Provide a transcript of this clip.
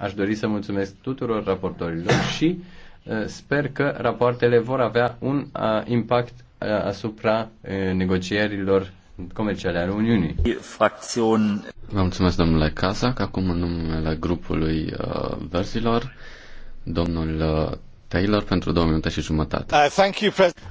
Aș dori să mulțumesc tuturor raportorilor și uh, sper că rapoartele vor avea un uh, impact uh, asupra negocierilor comerciale ale Uniunii. Fracțiun. Vă mulțumesc, domnule Casac Acum, în numele grupului uh, verzilor, domnul uh, Taylor pentru două minute și jumătate. Uh, thank you,